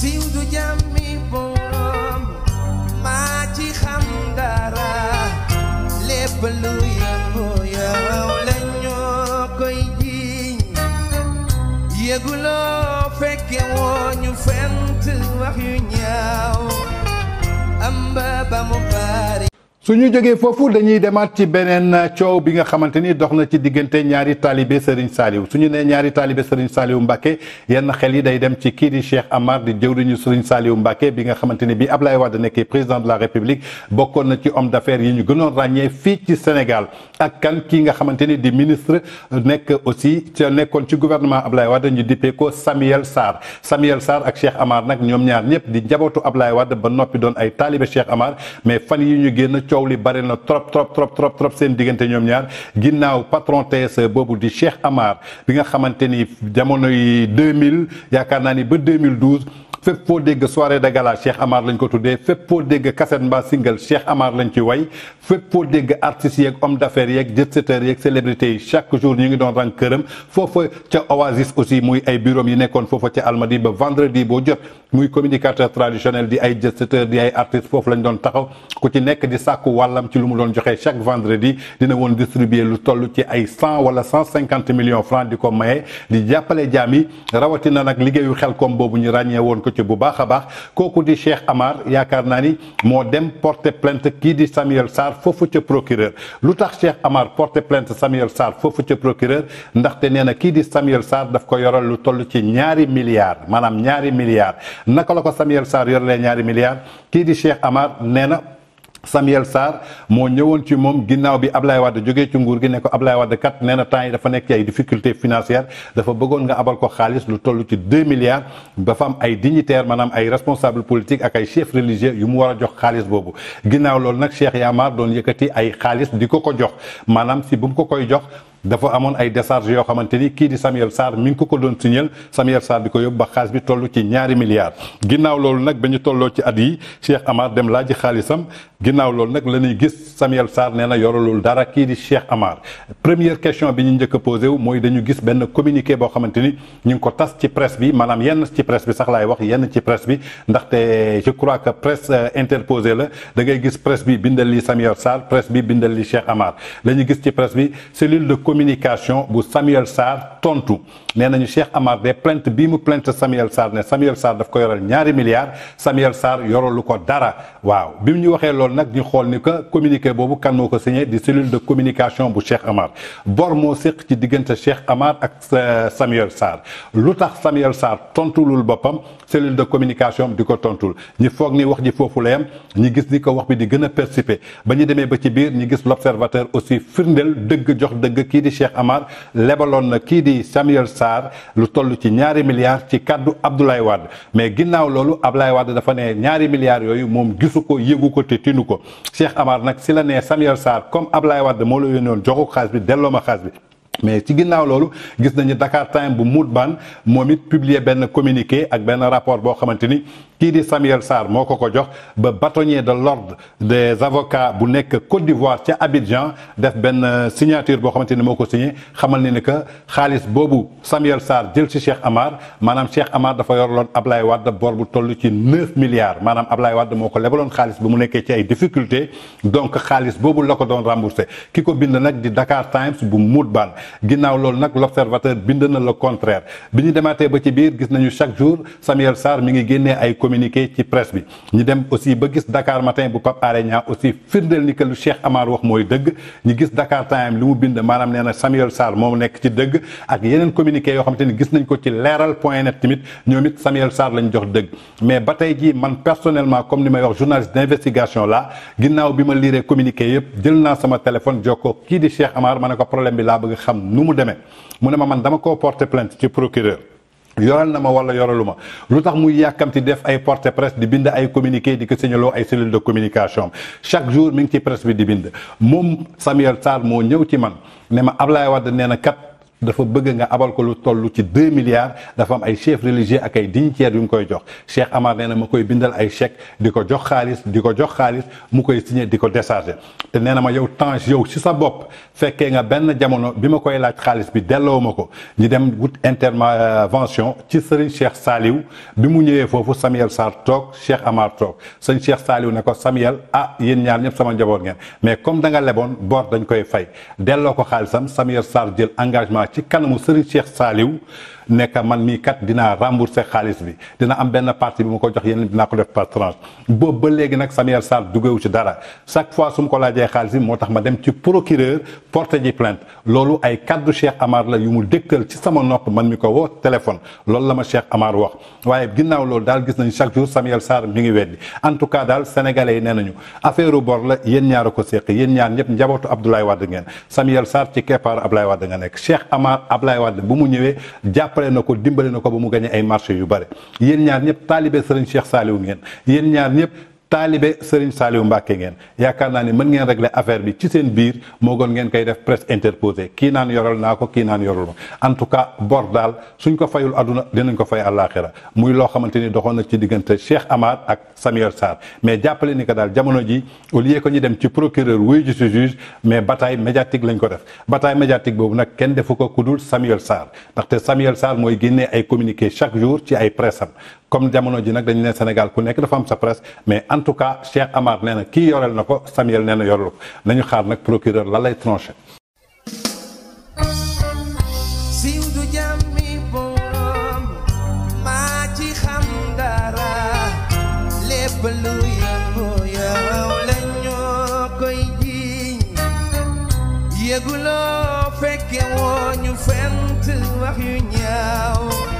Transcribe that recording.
siiw du jàmmi borom maa xam dara lépp lu yëngu yow la ñoo koy jiiñ fekke woo fent wax yu ñaaw amba ba mu bari su ñu fofu foofu dañuy démat ci benen ciow bi nga xamante doxna ci digënté ñaari talibé Serigne Saliou suñu né ñaari talibé Serigne Saliou Mbacke yenn xel yi day dem ci kii di Cheikh Amar di jëwriñu Serigne Saliou Mbacke bi nga xamante bi Ablaye Wade nekkee président de la République bokkoon na ci homme d'affaires yi ñu gënon ràññee fi ci Sénégal ak kan ki nga xamante di ministre nekk aussi ci nekkoon ci gouvernement Ablaye Wade ñu dippee ko Samuel Sarr Samuel Sarr ak Cheikh Amar nak ñom ñaar ñëpp di njabootu Ablaye Wade ba nopi doon ay talibé Cheikh Amar mais fan yi ñu génn coow li bari na trop trop trop trop trop seen diggante ñom ñaar ginnaw patron TSE bobu di Cheikh Amar bi nga xamante ni jamono yi 2000 yaakaar naa ni ba 2012. fepp fo dégg soirée de gala Cheikh Amar lañ ko tuddé fepp fo dégg cassette mbaa single Cheikh Amar lañ ci way fepp fo dégg artistes yeeg homme d'affaires yeeg jet setteurs yeeg célébrités yi chaque jour ñi ngi don rang këram foofa ca Oasis aussi muy ay bureau yi nekkoon fofu ca Almadi ba vendredi bo jot muy communicateur traditionnel di ay jet di ay artistes fofu lañ don taxaw ku ci nekk di sàkk ko walam ci lu mu doon joxe chaque vendredi dina won distribuer lu tollu ci ay 100 wala 150 150 millions francs diko maye di jàppale jaam na rawatina nag liggéeyu xelkom bobu ñu ragné won ko ci bu baaxa baax koku di Cheikh Amar et naa ni dem porter plainte Qui di Samuel Sar fofu ci procureur lutax Cheikh Amar porter plainte Samuel Sar fofu ci procureur ndax té néna ki di Samuel Sar daf ko yoral lu tollu ci ñaari milliards manam ñaari milliards naka la ko Samuel sar yoralee ñaari milliards Qui di Cheikh Amar néna Samuel Sarr moo ñëwoon ci moom ginnaaw bi ab Ablaye Wade jógee ci nguur gi ne ko Ablaye Wade kat nee na temps yi dafa nekk ay difficulté financière dafa bëggoon nga abal ko xaalis lu toll ci deux milliards dafa am ay dignitaire maanaam ay responsable politique ak ay chef religieux yu mu war a jox xaalis boobu ginnaaw loolu nag Cheikh Yamar doon yëkkati ay xaalis di ko ko jox maanaam si bu mu ko koy jox dafa amoon ay décharge yoo xamante ni kii di Samuel Sarr mi ngi ko ko doon signal Samuel Sarr di ko yóbbu ba xaalis bi tollu ci ñaari milliards ginnaaw loolu nag ba ñu tolloo ci at yi Cheikh Amar dem laaji xaalisam ginnaaw loolu nag la ñuy gis Samuel Sarr nee na yoralul dara kii di Cheikh Amar première question bi ñu njëkk a posé wu mooy dañu gis benn communiqué boo xamante ni ñu ngi ko tas ci presse bi maanaam yenn ci presse bi sax laay wax yenn ci presse bi ndaxte je crois que presse euh, interposée la da ngay gis presse bi bindal li Samuel Sarr presse bi bindal li Cheikh Amar la ñu gis ci presse bi communication bu Samuel Sar tontu nenañu Cheikh Amar des plaintes bii mu plainte Samuel Sar, né Samuel Sar daf ko yoral ñaari milliards Samuel Sar yoralu ko dara waaw bimu ñu waxé lool nak ñu xol ni que communiquer bobu kan moo signé di cellule de communication bu Cheikh Amar bor mo séq ci diggante Cheikh Amar ak euh, Samuel Sar, lutax Samuel Samuel Sarr tontulul bopam cellule de communication du ko tontul ñi foog ni wax ji fofu la am ñi gis ni ko wax bi di gëna a ba ñi démé ba ci bir ñi gis l'observateur aussi firndel deug jox deug ki di Cheikh Amar lebaloon na kii di Samuel Sarr lu toll ci ñaari milliards ci kàddu Abdoulaye Wade mais ginnaaw loolu Abdoulaye Wade dafa ne ñaari milliards yooyu moom gisu ko yëgu ko te tinu ko Cheikh Amar nag si la nee Samuel Sarr comme Abdoulaye Wade moo la yónnoon joxu xaalis bi delloo ma xaalis bi mais ci ginnaw loolu gis nañu Dakar Time bu Moodban moom it publier ben communiqué ak ben rapport bo xamanteni ki di Samuel Sarr Moko ko jox ba bâtonnier de l'ordre des avocats bu nek Côte d'Ivoire ci Abidjan def ben signature bo xamanteni moko moo signé xamal ni ni que xaalis Samuel Sarr jël ci Cheikh Amar manam Cheikh Amar dafa yorlon Ablaye Wade bor bu tollu ci neuf milliards manam Ablaye Wade moko lebalon lebaloon bu mu nekkee ci ay difficultés donc xaalis bobu lako don rembourser. kiko bind nak di Dakar Times bu ban ginnaw loolu nak l'observateur bind le contraire biñu ñu ba ci biir gis nañu chaque jour Samuel Sar mi ngi génnee ay communiqué ci presse bi ñi dem aussi ba gis Dakar matin bu Pape aussi firndeel ni que le Cheikh Amar wax moy deug ñi gis Dakar Time limu mu bind maanaam Samuel Sar mom nek ci deug ak yeneen communiqué yo xamanteni gis nañ ko ci leral.net point ñomit Samuel Sar lañ jox deug mais batay ji man personnellement comme ni may wax journaliste d'investigation là, ginnaw bi ma liiree communiqué yépp jël sama téléphone joko qui di Cheikh Amar mané ko problème bi la bëgg nous nu mon demee mu ne ma man dama plainte ci procureur yoral na ma wala yoraluma lu muy yàkkamti def ay porte presse di bind ay communiqué di ko signaloo ay cellule de communication chaque jour mi presse bi di bind moom samir sar moo ñëw ci man ne ma dafa bëgg nga abal ko lu toll ci 2 milliards dafa am ay chef religieux ak ay dignitaires yu mu koy jox Cheikh Amar nee na ma koy bindal ay chèque di ko jox xaalis di ko jox xaalis mu koy signé di ko déchargé te nee na ma yow Tange yow ci sa bopp fekkee nga benn jamono bi ma koy laaj xaalis bi delloo ma ko ñu dem wut intervention ci Serigne Cheikh saliw bi mu ñëwee foofu Samuel sar toog Cheikh Amar toog sëñ Cheikh saliw ne ko Samuel ah yéen ñaar ñëpp sama njaboot ngeen mais comme da nga leboon bor dañ koy fay delloo ko xaalisam Samuel sar jël engagement. كان مصري الشيخ صالح nekka man mii kat dina rembourser xaalis bi dina am benn partie bi mu ko jox yeneen dinaa ko def par tranche boobu ba léegi nag Samuel Sarr dugewu ci dara chaque fois su mu ko laajee xaalis bi moo tax ma dem ci procureur porté ji loolu ay kaddu Cheikh Amar la yu mu dëkkal ci sama nopp man mi ko woo téléphone loolu la ma Cheikh amaar wax waaye ginnaaw loolu daal gis nañ chaque jour Samuel saar mi ngi weddi en tout cas daal sénégalais yi nee nañu affaire bor la yéen ñaar a ko séq yéen ñaar ñëpp njabootu Abdoulaye Wade ngeen Samuel Sarr ci keppaaru Abdoulaye Wade nga nekk Cheikh Amar Abdoulaye Wade bu mu ñëwee jàpp jàppale na ko dimbale na ko ba mu gañe ay marché yu bare yéen ñaar ñëpp taalibe Serigne Cheikh Saliou ngeen yéen ñaar ñëpp taalibe Serigne Saliou Mbacke ngeen yaakaar naa ne mën ngeen régler affaire bi ci seen biir moo gën ngeen koy def presse interposée kii naan yoral naa ko kii naan yorul ma en tout cas bor daal suñ ko fayul aduna dinañ ko fay àllaaxira muy loo xamante ni doxoon na ci diggante Cheikh Amar ak Samuel Sarr mais jàppale ni que daal jamono ji au lieu que ñu dem ci procureur wuy ji si juge mais bataille médiatique lañ ko def bataille médiatique boobu nag kenn defu ko ku dul Samuel Sarr ndaxte Samuel Sarr mooy génnee ay communiqué chaque jour ci ay presse comme jamono ji nag dañu ne Sénégal ku nekk dafa am sa presse mais en tout cas Cheikh Amar nee na kii yoreel na ko Samuel nee na yorelu ko nañu xaar nag procureur la lay tranché. yëguloo fekke woo fent wax yu ñaaw